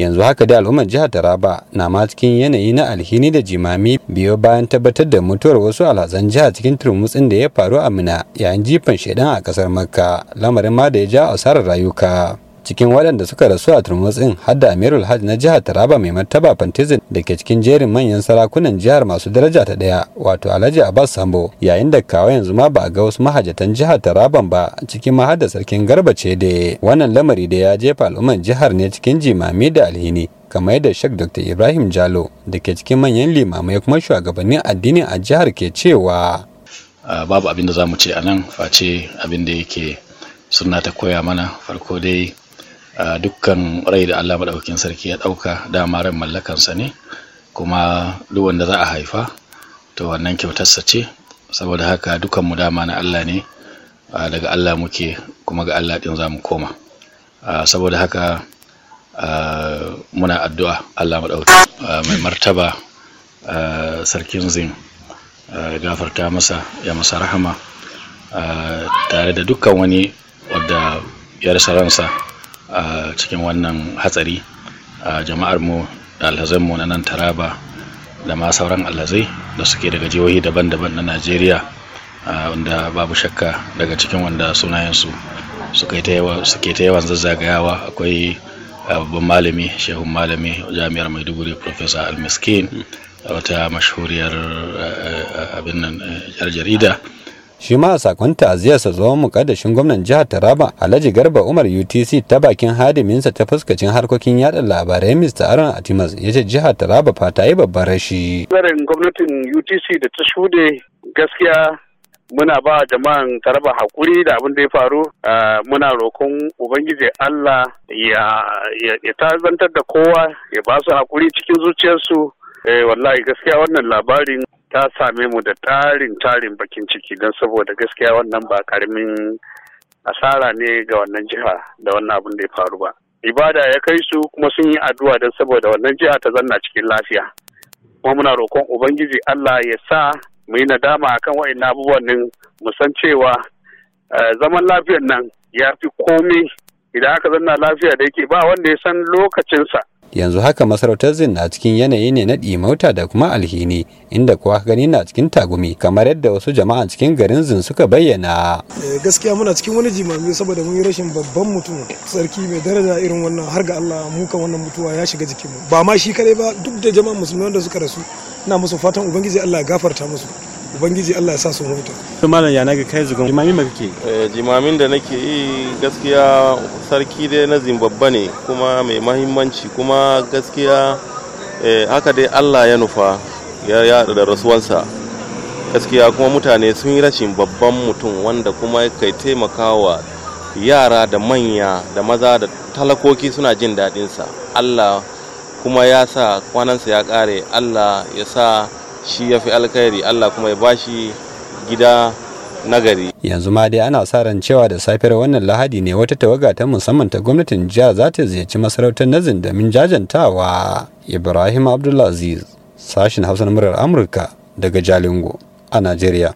yanzu haka da al'ummar jihar taraba na ma cikin yanayi na alhini da jimami biyo bayan tabbatar da mutuwar wasu alhazan jiha cikin turmutsin da ya faru a mina yayin jifan shaidan a kasar makka lamarin ma da ya ja asarar rayuka cikin waɗanda suka rasu a turmutsin har da amirul hajj na jihar taraba mai martaba fantizin da ke cikin jerin manyan sarakunan jihar masu daraja ta ɗaya wato alhaji abbas sambo yayin da kawo yanzu ma ba a ga wasu mahajatan jihar taraban ba cikin ma da sarkin garba ce da wannan lamari da ya jefa al'umman jihar ne cikin jimami da alhini kamar yadda shek dr ibrahim jalo da ke cikin manyan limamai kuma shugabannin addini a jihar ke cewa babu abin da za mu ce a nan face abin da yake suna ta koya mana farko dai dukkan rai da Allah maɗaukakin sarki ya ɗauka dama ran mallakansa ne kuma duk wanda za a haifa to wannan kyautarsa ce saboda haka dukanmu dama na Allah ne daga Allah muke kuma ga Allah ɗin za mu koma saboda haka muna addu'a Allah maɗaukakin mai martaba sarkin zin gafarta masa ya masa rahama tare da dukkan wani wadda ya rasa ransa a cikin wannan hatsari a jama'ar mu alhazan mu na nan taraba da ma sauran alhazai da suke daga jihohi daban-daban na najeriya wanda babu shakka daga cikin wanda sunayensu suke ta yawan zazzagayawa akwai babban malami shehun malami jami'ar maiduguri professor almiskin wata mashuriyar abin nan jarida shi ma a sakon ta'aziyarsa zaman mukaddashin gwamnan jihar taraba alhaji garba umar utc ta bakin hadiminsa ta fuskacin harkokin yada labarai mr aron atimas ya ce jihar taraba fa ta yi babban rashi tsarin gwamnatin utc da ta shuɗe gaskiya muna ba jama'an taraba hakuri da abin da ya faru muna roƙon ubangiji allah ya tazantar da kowa ya ba su hakuri cikin zuciyarsu eh, wallahi gaskiya wannan labarin ta same mu da tarin tarin bakin ciki don saboda gaskiya wannan ba karamin asara ne ga wannan jiha da wannan abin da ya faru ba ibada ya kai su kuma sun yi addu'a don saboda wannan jiha ta zanna cikin lafiya kuma muna roƙon ubangiji Allah ya sa mu yi nadama akan wa'in abubuwan nan mu san cewa eh, zaman lafiyar nan ya fi komai idan aka zanna lafiya da yake ba wanda ya san lokacinsa yanzu haka masarautar zin na cikin yanayi ne na ɗimauta da kuma alhini inda kuwa gani na cikin tagumi kamar yadda wasu jama'a cikin garin zin suka bayyana eh, gaskiya muna cikin wani jimami saboda mun yi rashin babban mutum sarki mai daraja irin wannan har ga Allah mu kan wannan mutuwa ya shiga jikinmu ba ma shi kadai ba duk da jama'a musulmai da suka rasu ina musu fatan ubangiji Allah ya gafarta musu ubangiji Allah ya sa su huta to malam ya naga kai zugun jimamin ma kake jimamin eh, da nake yi gaskiya sarki dai na Zimbabwe ne kuma mai mahimmanci kuma gaskiya eh, haka dai Allah ya nufa ya yada da rasuwansa gaskiya kuma mutane sun yi rashin babban mutum wanda kuma kai taimakawa yara da manya da maza da talakoki suna jin daɗinsa Allah kuma ya sa kwanansa ya ƙare Allah ya sa shi ya fi alkhairi allah kuma ya bashi gida nagari yanzu ma dai ana sa ran cewa da safiyar wannan lahadi ne wata tawaga ta musamman ta gwamnatin jiha za ta ziyarci masarautar nazin domin jajantawa ibrahim abdulaziz sashin hausa na murar amurka daga jalingo a najeriya